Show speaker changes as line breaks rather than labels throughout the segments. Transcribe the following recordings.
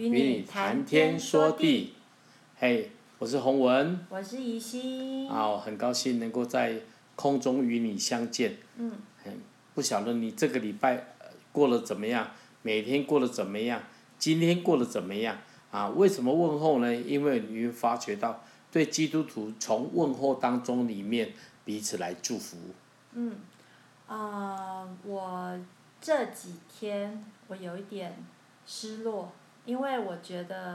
與你談天
說地，嘿，hey, 我是洪文，
我是怡心，啊，oh, 很
高興能夠在空中與你相見，嗯，hey, 不曉得你這個禮拜過得怎麼樣？每天過得怎麼樣？今天過得怎麼樣？啊、ah, 為什麼問候呢？因為你會發覺到，對基督徒從問候當中裡面彼此來祝福，嗯，啊、
uh, 我這幾天我有一點失落。因為我覺得，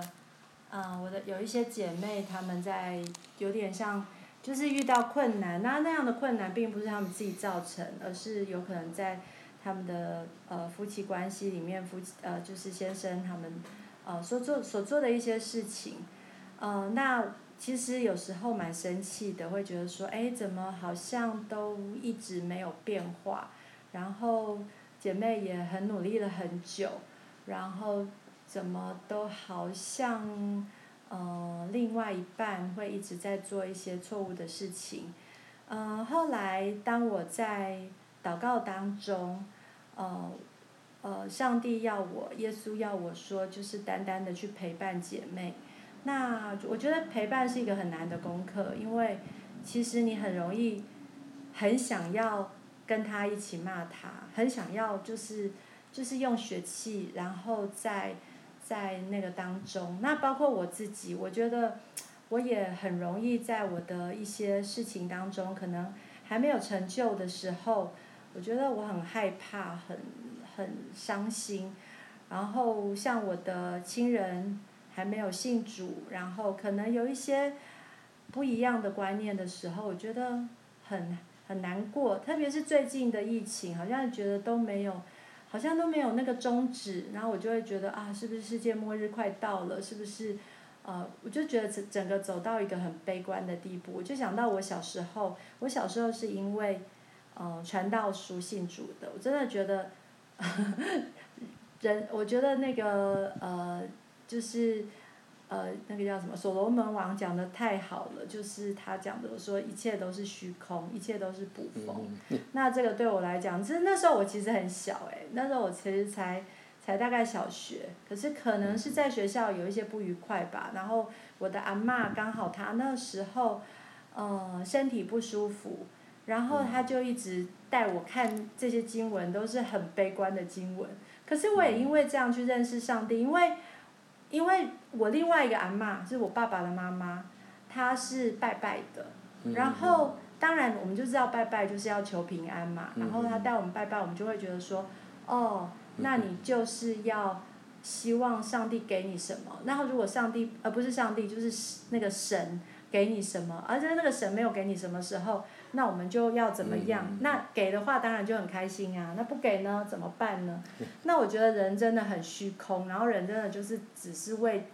嗯、呃，我的有一些姐妹，她們在有點像，就是遇到困難，那那樣的困難並不是她們自己造成，而是有可能在他們的呃夫妻關係裡面，夫妻呃就是先生他們呃所做所做的一些事情，嗯、呃，那其實有時候蠻生氣的，會覺得說，誒，怎麼好像都一直沒有變化，然後姐妹也很努力了很久，然後。怎麼都好像，呃，另外一半會一直在做一些錯誤的事情。嗯、呃，後來當我在禱告當中，呃，呃，上帝要我，耶穌要我說，就是單單的去陪伴姐妹。那我覺得陪伴是一個很難的功課，因為其實你很容易很想要跟他一起罵他，很想要就是就是用血氣，然後再。在那個當中，那包括我自己，我覺得我也很容易在我的一些事情當中，可能還沒有成就的時候，我覺得我很害怕，很很傷心。然後像我的親人還沒有信主，然後可能有一些不一樣的觀念的時候，我覺得很很難過。特別是最近的疫情，好像覺得都沒有。好像都沒有那個終止，然後我就會覺得啊，是不是世界末日快到了？是不是？呃，我就覺得整整個走到一個很悲觀的地步，我就想到我小時候，我小時候是因為，嗯、呃，傳道書信主的，我真的覺得，呵呵人，我覺得那個呃，就是。呃，那個叫什麼《所羅門王》講的太好了，就是他講的我說一切都是虛空，一切都是捕風。嗯嗯嗯、那這個對我來講，其實那時候我其實很小哎、欸，那時候我其實才才大概小學。可是可能是在學校有一些不愉快吧，嗯、然後我的阿嬤剛好她那時候嗯、呃，身體不舒服，然後她就一直帶我看這些經文，都是很悲觀的經文。可是我也因為這樣去認識上帝，嗯、因為。因為我另外一個阿嬤，是我爸爸的媽媽，她是拜拜的，然後當然我們就知道拜拜就是要求平安嘛，然後她帶我們拜拜，我們就會覺得說，哦，那你就是要希望上帝給你什麼，然後如果上帝而不是上帝就是那個神給你什麼，而且那個神沒有給你什麼時候。那我們就要怎麼樣？嗯、那給的話當然就很開心啊。那不給呢怎麼辦呢？那我覺得人真的很虛空，然後人真的就是只是為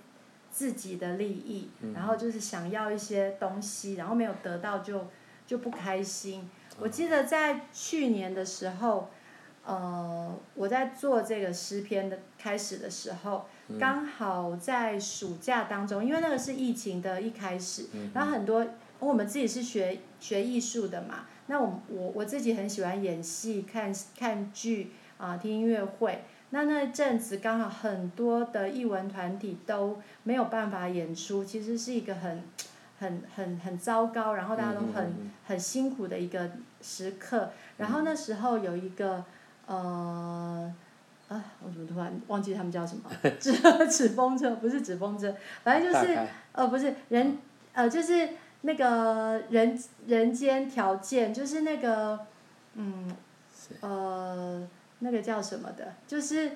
自己的利益，嗯、然後就是想要一些東西，然後沒有得到就就不開心。我記得在去年的時候，呃，我在做這個詩篇的開始的時候，剛好在暑假當中，因為那個是疫情的一開始，然後很多。我們自己是學學藝術的嘛，那我我我自己很喜歡演戲，看看劇啊、呃，聽音樂會。那那陣子剛好很多的藝文團體都沒有辦法演出，其實是一個很很很很糟糕，然後大家都很、嗯嗯嗯、很辛苦的一個時刻。然後那時候有一個呃啊，我怎麼突然忘記他們叫什麼？紙 紙風車不是紙風車，反正就是開呃不是人呃就是。那個人人間條件就是那個，嗯，呃，那個叫什麼的？就是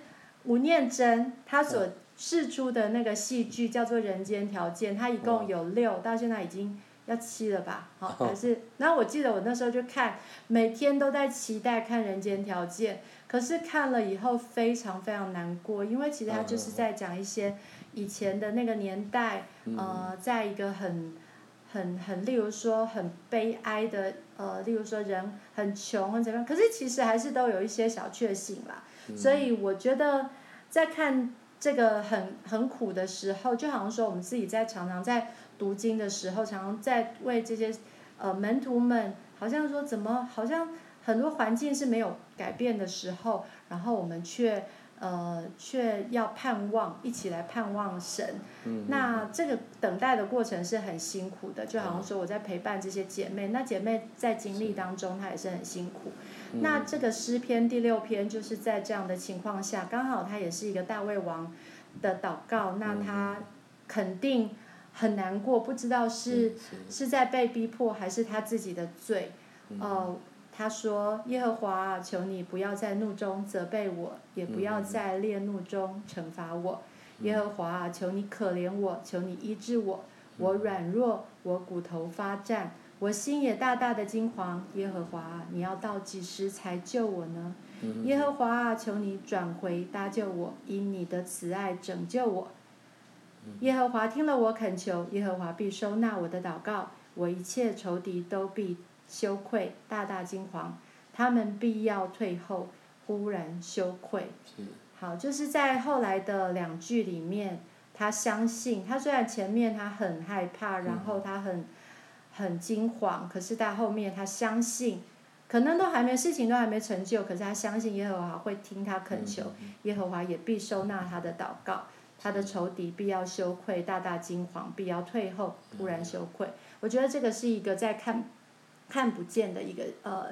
吳念真他所試出的那個戲劇叫做《人間條件》，他一共有六，到現在已經要七了吧？好，可是，然後我記得我那時候就看，每天都在期待看《人間條件》，可是看了以後非常非常難過，因為其實他就是在講一些以前的那個年代，呃，在一個很。很很，很例如說很悲哀的，呃，例如說人很窮，或怎麼樣？可是其實還是都有一些小確幸啦。嗯。所以我覺得，在看這個很很苦的時候，就好像說我們自己在常常在讀經的時候，常常在為這些呃門徒們，好像說怎麼好像很多環境是沒有改變的時候，然後我們卻。呃，卻要盼望，一起來盼望神。嗯、哼那這個等待的過程是很辛苦的，就好像說我在陪伴這些姐妹，哦、那姐妹在經歷當中是她也是很辛苦。嗯、哼那這個詩篇第六篇就是在這樣的情況下，剛好她也是一個大衛王的禱告，嗯、哼那她肯定很難過，不知道是、嗯、是、是在被逼迫還是她自己的罪，哦、嗯哼。呃他說：“耶和華啊，求你不要在怒中責備我，也不要在烈怒中懲罰我。耶和華啊，求你可憐我，求你醫治我。我軟弱，我骨頭發戰，我心也大大的驚惶。耶和華啊，你要到幾時才救我呢？耶和華啊，求你轉回搭救我，因你的慈愛拯救我。耶和華聽了我懇求，耶和華必收納我的禱告，我一切仇敵都必。”羞愧，大大驚惶，他們必要退後，忽然羞愧。是好，就是在後來的兩句裡面，他相信，他雖然前面他很害怕，嗯、然後他很很驚惶，可是到後面他相信，可能都還沒事情都還沒成就，可是他相信耶和華會聽他懇求，嗯、耶和華也必收納他的禱告，是他的仇敵必要羞愧，大大驚惶，必要退後，忽然羞愧。嗯、我覺得這個是一個在看。看不見的一個呃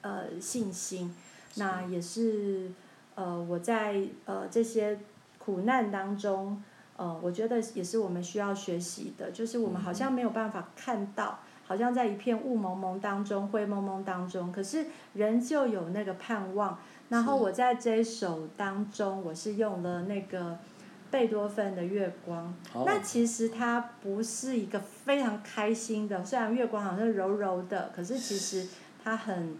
呃信心，那也是呃我在呃這些苦難當中，呃我覺得也是我們需要學習的，就是我們好像沒有辦法看到，好像在一片霧蒙蒙當中、灰蒙蒙當中，可是人就有那個盼望。然後我在這一首當中，我是用了那個。貝多芬的《月光》哦，那其實它不是一個非常開心的，雖然月光好像柔柔的，可是其實它很，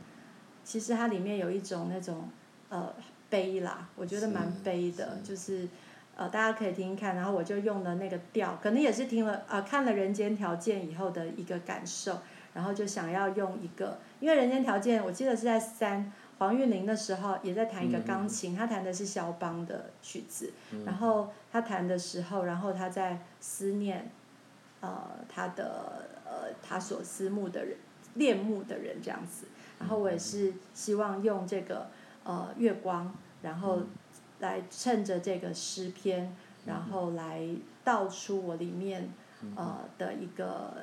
其實它裡面有一種那種呃悲啦，我覺得蠻悲的，是是就是呃大家可以聽聽看，然後我就用了那個調，可能也是聽了啊、呃、看了《人間條件》以後的一個感受，然後就想要用一個，因為《人間條件》我記得是在三。黃韻玲的時候也在彈一個鋼琴，嗯、哼他彈的是肖邦的曲子，嗯、哼然後他彈的時候，然後他在思念，呃，他的呃他所思慕的人、戀慕的人這樣子。然後我也是希望用這個呃月光，然後來襯着這個詩篇，然後來道出我裡面、嗯、哼呃的一個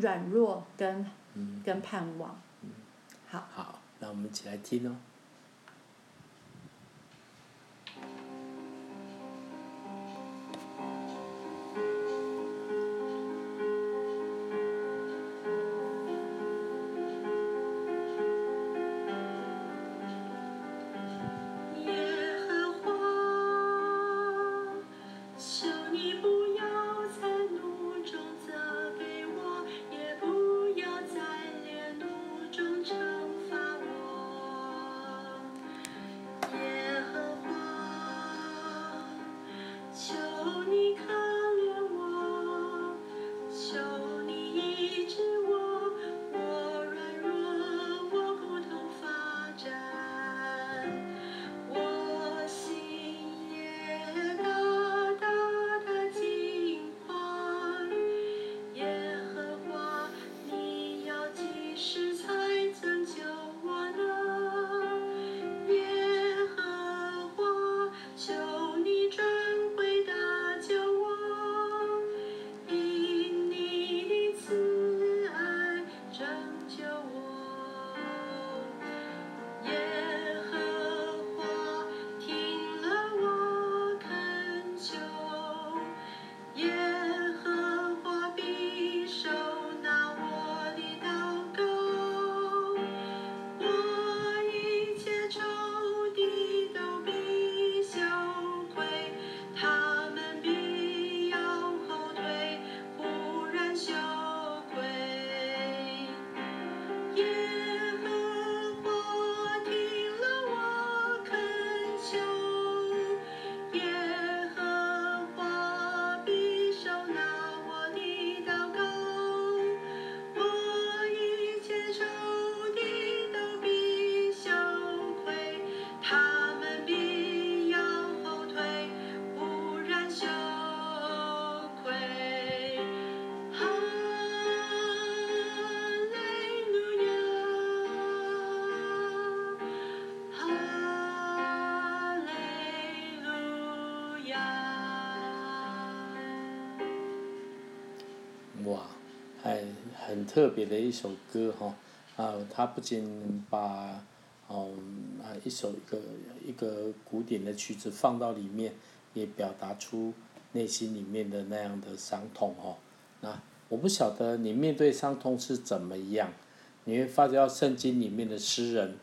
軟弱跟、嗯、哼跟盼望。嗯、哼好。好那
我們一起來聽。特別的一首歌哈，啊，他不僅把，哦啊，一首一個一個古典的曲子放到裡面，也表達出內心裡面的那樣的傷痛哦。那我不曉得你面對傷痛是怎麼樣，你會發覺聖經裡面的詩人，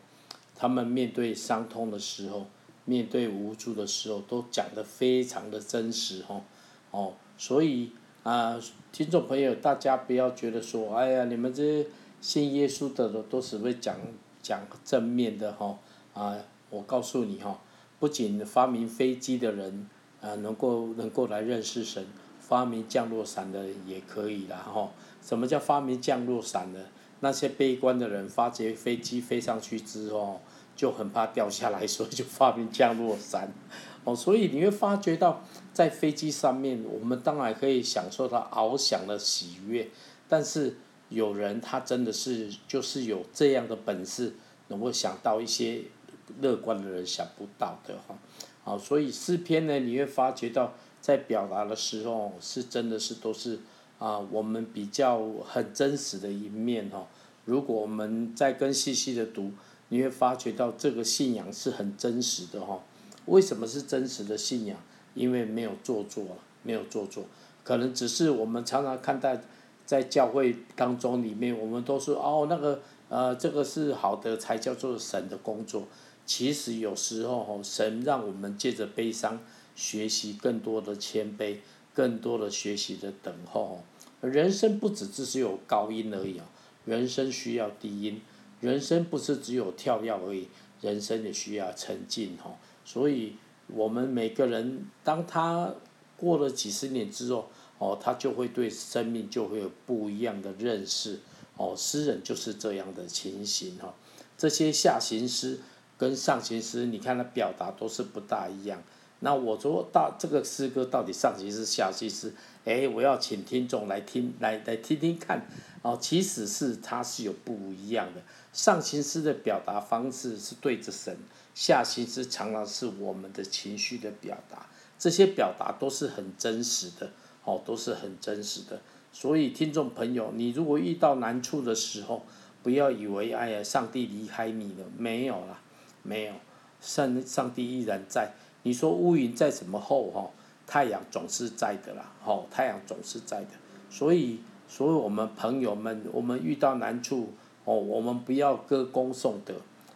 他們面對傷痛的時候，面對無助的時候，都講得非常的真實哦，哦，所以。啊、呃，聽眾朋友，大家不要覺得說，哎呀，你們這些信耶穌的都都是會講講正面的哈。啊、哦呃，我告訴你哈、哦，不僅發明飛機的人，啊、呃，能夠能夠來認識神，發明降落傘的也可以啦。哈、哦。什麼叫發明降落傘的？那些悲觀的人發覺飛機飛上去之後就很怕掉下來，所以就發明降落傘。哦，所以你會發覺到。在飛機上面，我們當然可以享受它翱翔的喜悅。但是有人他真的是就是有這樣的本事，能夠想到一些樂觀的人想不到的哈。好，所以詩篇呢，你會發覺到在表達的時候是真的是都是啊，我們比較很真實的一面哈。如果我們再更細細的讀，你會發覺到這個信仰是很真實的哈。為什麼是真實的信仰？因為沒有做作，沒有做作，可能只是我們常常看待，在教會當中裡面，我們都說，哦那個，呃，這個是好的才叫做神的工作。其實有時候神讓我們借着悲傷學習更多的謙卑，更多的學習的等候。人生不止只是有高音而已啊，人生需要低音，人生不是只有跳躍而已，人生也需要沉靜，所以。我們每個人，當他過了幾十年之後，哦，他就會對生命就會有不一樣的認識，哦，詩人就是這樣的情形哈、哦。這些下行詩跟上行詩，你看他表達都是不大一樣。那我說到這個詩歌到底上行詩下行詩，哎、欸，我要請聽眾來聽，來來聽聽看，哦，其實是它是有不一樣的，上行詩的表達方式是對着神。下心之常常是我們的情緒的表達，這些表達都是很真實的，哦，都是很真實的。所以聽眾朋友，你如果遇到難處的時候，不要以為哎呀，上帝離開你了，沒有啦，沒有，上上帝依然在。你說烏雲再怎麼厚哈，太陽總是在的啦，哦，太陽總是在的。所以，所以我們朋友們，我們遇到難處，哦，我們不要歌功頌德。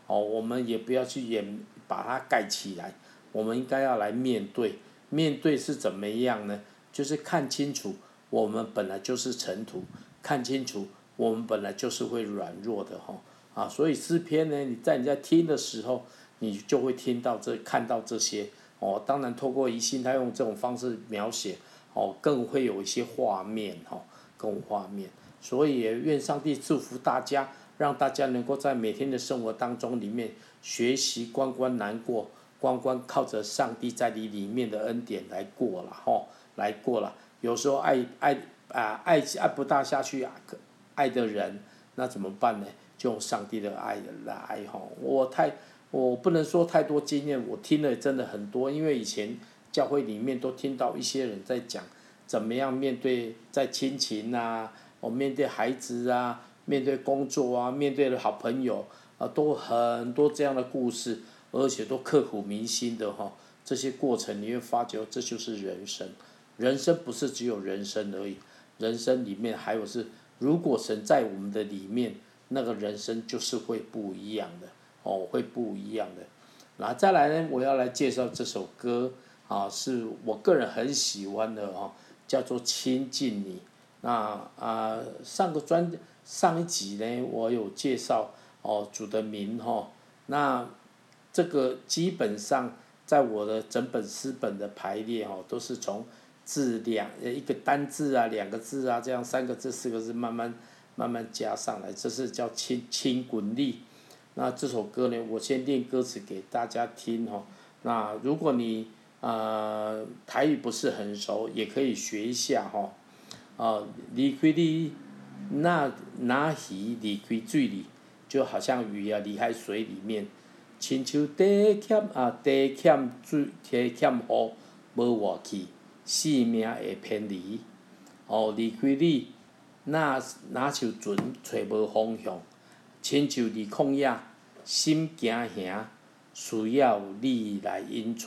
哦，我們也不要去掩把它蓋起來。我們應該要來面對，面對是怎麼樣呢？就是看清楚，我們本來就是塵土，看清楚，我們本來就是會軟弱的哈、哦。啊，所以詩篇呢，你在你在聽的時候，你就會聽到這看到這些。哦，當然，透過疑心，他用這種方式描寫，哦，更會有一些畫面哈、哦，更畫面。所以，也願上帝祝福大家。讓大家能夠在每天的生活當中裡面學習關關難過，關關靠着上帝在你裡面的恩典來過了吼，來過了。有時候愛愛啊愛愛不大下去啊，愛的人那怎麼辦呢？就用上帝的愛來吼。我太我不能說太多經驗，我聽了真的很多，因為以前教會裡面都聽到一些人在講怎麼樣面對在親情啊，或面對孩子啊。面對工作啊，面對的好朋友啊，都很多這樣的故事，而且都刻骨銘心的哈、哦。這些過程你會發覺，這就是人生。人生不是只有人生而已，人生裡面還有是，如果神在我們的裡面，那個人生就是會不一樣的哦，會不一樣的。那再來呢，我要來介紹這首歌啊，是我個人很喜歡的哦、啊，叫做《親近祢》。那啊、呃，上個專。上一集呢，我有介紹哦，主的名哈、哦，那這個基本上在我的整本詩本的排列哦，都是從字兩一個單字啊，兩個字啊，這樣三個字、四個字慢慢慢慢加上來，這是叫輕輕滾力。那這首歌呢，我先念歌詞給大家聽哈、哦。那如果你啊、呃、台語不是很熟，也可以學一下哈、哦。啊，你可以。若若魚離開水裡，就好像魚啊離開水裡面，親像地缺啊地缺水，地缺雨無外去，生命會偏離。哦。離開你，若若像船揣無方向，親像佇曠野，心驚惶需要你來引帶。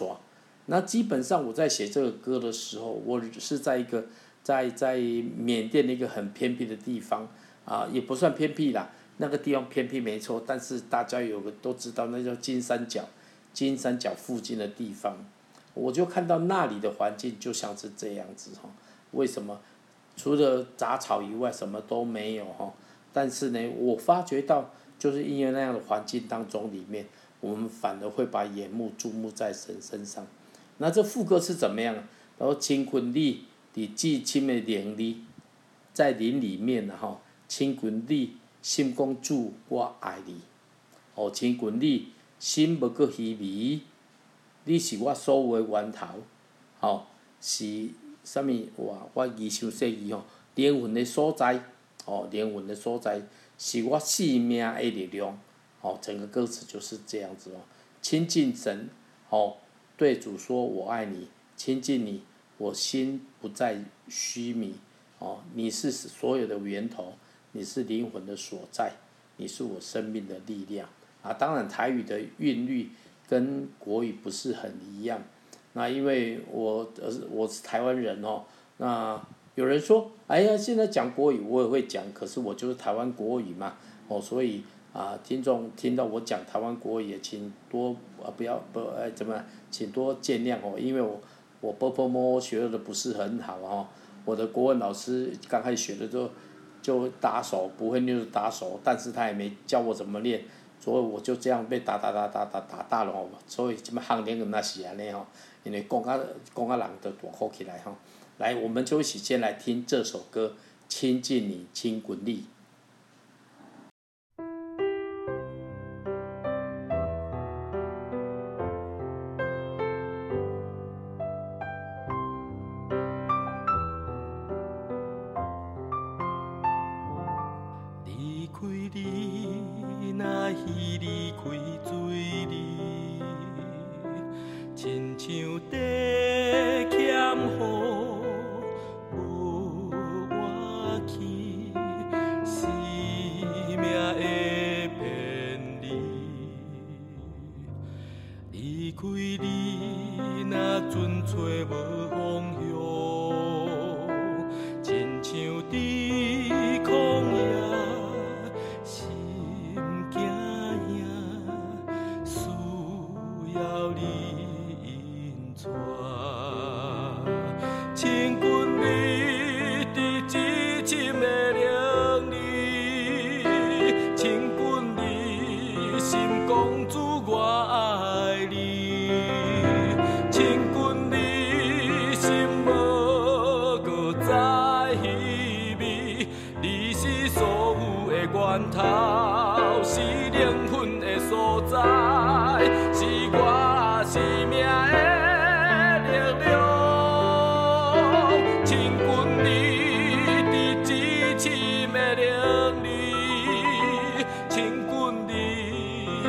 那基本上我在寫這個歌的時候，我是在一個在在緬甸的一個很偏僻的地方啊，也不算偏僻啦，那個地方偏僻沒錯，但是大家有個都知道，那叫金三角，金三角附近的地方，我就看到那裡的環境就像是這樣子哈。為什麼？除了雜草以外，什麼都沒有哈。但是呢，我發覺到就是因為那樣的環境當中裡面，我們反而會把眼目注目在神身上。那這副歌是怎麼樣？哦，親近祢，你至親的娘子，在林裡面吶吼，親近祢心共主，我愛你，哦，親近祢心無佫虛迷，你是我所有的源頭，吼，是甚物哇？我耳語說伊。吼，靈魂的所在，吼，靈魂的所在，是我生命的力量，吼，整個歌詞就是這樣子哦，親近神，吼。對主說：“我愛你，親近你，我心不再虛迷。哦，你是所有的源頭，你是靈魂的所在，你是我生命的力量。啊，當然台語的韻律跟國語不是很一樣。那因為我呃我是台灣人哦。那有人說：哎呀，現在講國語我也會講，可是我就是台灣國語嘛。哦，所以。”啊，聽眾聽到我講台灣國語，也請多啊不要不哎怎麼，請多見諒哦，因為我我波波摸學的不是很好哦，我的國文老師剛開始學的時候就打手，不會就是打手，但是他也沒教我怎麼練，所以我就這樣被打打打打打打大了哦。所以怎麼漢人也是安尼哦，因為講個講個人都大哭起來吼。來，我們就一起先來聽這首歌，《親近你，親滾利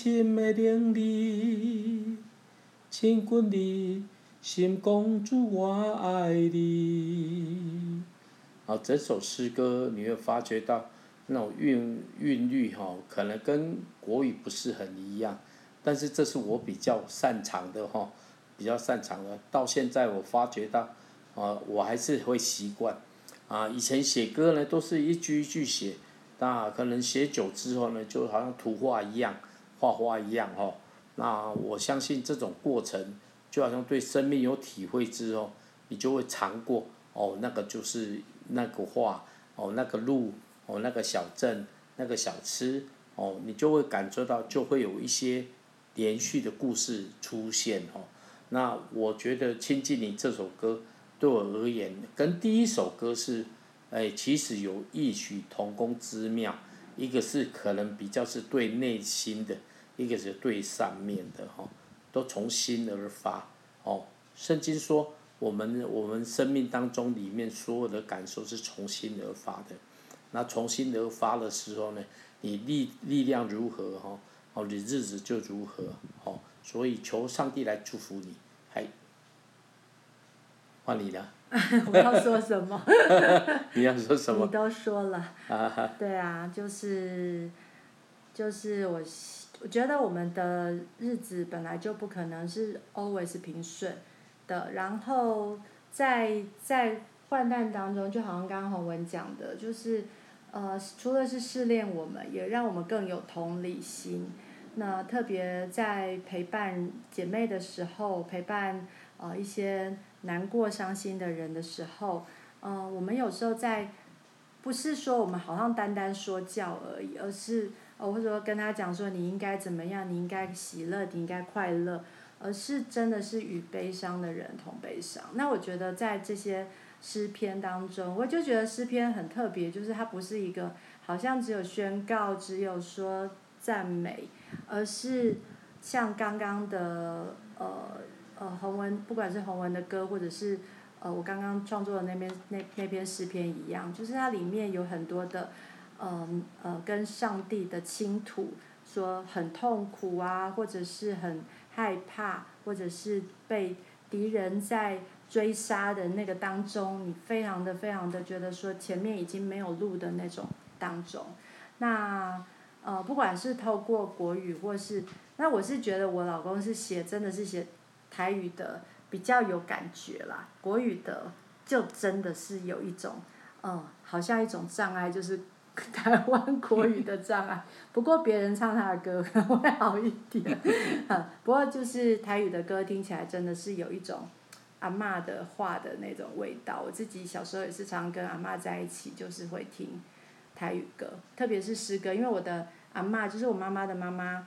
深的凝視，親眷的，心公主，我愛你。這整首詩歌你會發覺到那種韻韻律，哈、啊，可能跟國語不是很一樣。但是這是我比較擅長的，哈、啊，比較擅長的。到現在我發覺到、啊，我還是會習慣。啊，以前寫歌呢，都是一句一句寫，但、啊、可能寫久之後呢，就好像圖畫一樣。畫畫一樣哦，那我相信這種過程，就好像對生命有體會之後，你就會嘗過哦，那個就是那個畫哦，那個路哦，那個小鎮，那個小吃哦，你就會感受到，就會有一些連續的故事出現哦。那我覺得《親近祢》這首歌對我而言，跟第一首歌是，哎，其實有異曲同工之妙。一個是可能比較是對內心的，一個是對上面的哈，都從心而發哦。聖經說，我們我們生命當中裡面所有的感受是從心而發的。那從心而發的時候呢，你力力量如何哦，你日子就如何哦。所以求上帝來祝福你，還，換你了。
我要說什麼？
你要說什麼？ 你都
說了。啊對啊，就是，就是我，我覺得我們的日子本來就不可能是 always 平順的，然後在在患難當中，就好像剛剛洪文講的，就是呃，除了是試煉，我們也讓我們更有同理心。那特別在陪伴姐妹的時候，陪伴，一些難過、傷心的人的時候，嗯，我們有時候在，不是說我們好像單單說教而已，而是我會說，跟他講說你應該怎麼樣，你應該喜樂，你應該快樂，而是真的是與悲傷的人同悲傷。那我覺得在這些詩篇當中，我就覺得詩篇很特別，就是它不是一個好像只有宣告，只有說讚美，而是像剛剛的呃。呃，洪文不管是洪文的歌，或者是呃我剛剛創作的那篇那那篇詩篇一樣，就是它裡面有很多的呃呃跟上帝的傾吐，說很痛苦啊，或者是很害怕，或者是被敵人在追殺的那個當中，你非常的非常的覺得說前面已經沒有路的那種當中，那呃不管是透過國語或是，那我是覺得我老公是寫真的是寫。台語的比較有感覺啦，國語的就真的是有一種，嗯，好像一種障礙，就是台灣國語的障礙。不過別人唱他的歌會好一點，嗯，不過就是台語的歌聽起來真的是有一種阿嬤的話的那種味道。我自己小時候也是常跟阿嬤在一起，就是會聽台語歌，特別是詩歌，因為我的阿嬤就是我媽媽的媽媽，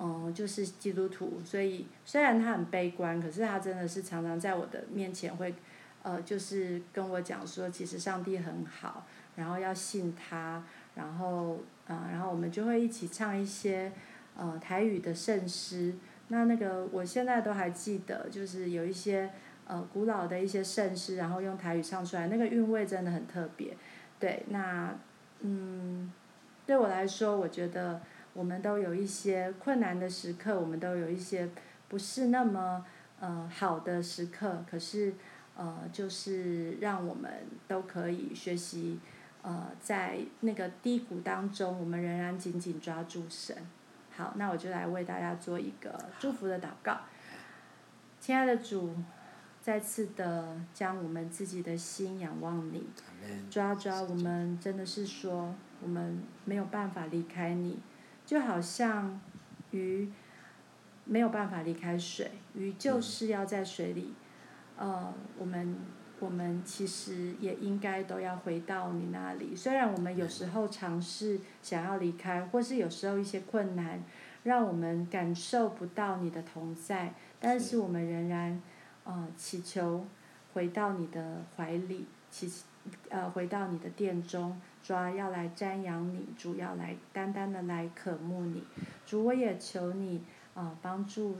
哦、嗯，就是基督徒，所以雖然他很悲觀，可是他真的是常常在我的面前會，呃，就是跟我講說，其實上帝很好，然後要信他，然後，啊、呃，然後我們就會一起唱一些，呃，台語的聖詩。那那個我現在都還記得，就是有一些，呃，古老的一些聖詩，然後用台語唱出來，那個韻味真的很特別。對，那，嗯，對我來說，我覺得。我們都有一些困難的時刻，我們都有一些不是那麼呃好的時刻，可是呃就是讓我們都可以學習，呃在那個低谷當中，我們仍然緊緊抓住神。好，那我就來為大家做一個祝福的禱告。好親愛的主，再次的將我們自己的心仰望你，抓抓我們真的是說我們沒有辦法離開你。就好像魚沒有辦法離開水，魚就是要在水裡。嗯、呃，我們我們其實也應該都要回到你那裡，雖然我們有時候嘗試想要離開，或是有時候一些困難讓我們感受不到你的同在，是但是我們仍然呃祈求回到你的懷裡，祈呃回到你的殿中。抓要來瞻仰你，主要來單單的來渴慕你，主我也求你啊、呃、幫助，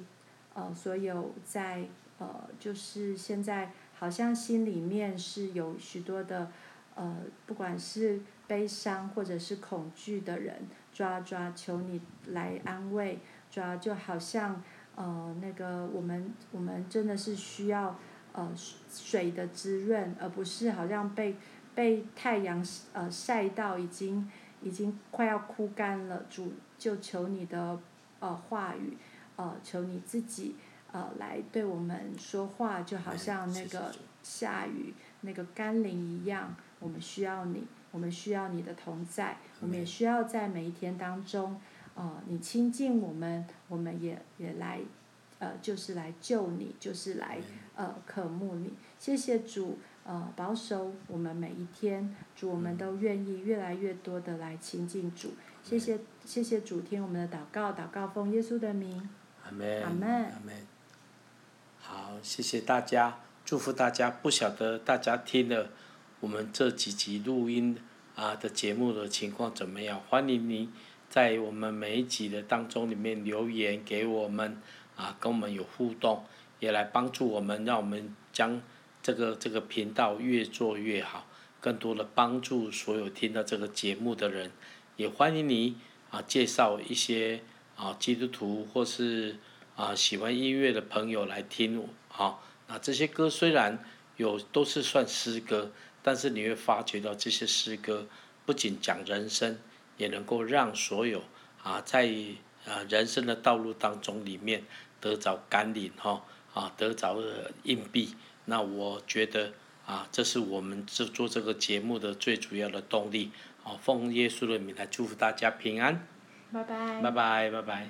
呃所有在呃就是現在好像心裡面是有許多的呃不管是悲傷或者是恐懼的人，抓抓求你來安慰，抓就好像呃那個我們我們真的是需要呃水的滋潤，而不是好像被。被太陽呃曬到已經已經快要枯乾了，主就求你的呃話語，呃求你自己呃來對我們說話，就好像那個下雨那個甘霖一樣，我們需要你，我們需要你的同在，我們也需要在每一天當中，呃你親近我們，我們也也來，呃就是來救你，就是來呃渴慕你，謝謝主。呃，保守我們每一天，主，我們都願意越來越多的來親近主。嗯、謝謝，謝謝主，聽我們的禱告，禱告奉耶穌的名。
阿門，阿門，阿門。好，謝謝大家，祝福大家。不曉得大家聽了我們這幾集錄音啊的節目的情況怎麼樣？歡迎您在我們每一集的當中裡面留言給我們，啊，跟我們有互動，也來幫助我們，讓我們將。這個這個頻道越做越好，更多的幫助所有聽到這個節目的人，也歡迎你啊介紹一些啊基督徒或是啊喜歡音樂的朋友來聽我啊。那、啊、這些歌雖然有都是算詩歌，但是你會發覺到這些詩歌不僅講人生，也能夠讓所有啊在啊人生的道路當中裡面得着甘霖哈啊得着的硬幣。那我覺得啊，這是我們這做這個節目的最主要的動力。啊，哦，奉耶穌的名來祝福大家平安，拜拜，拜拜拜拜。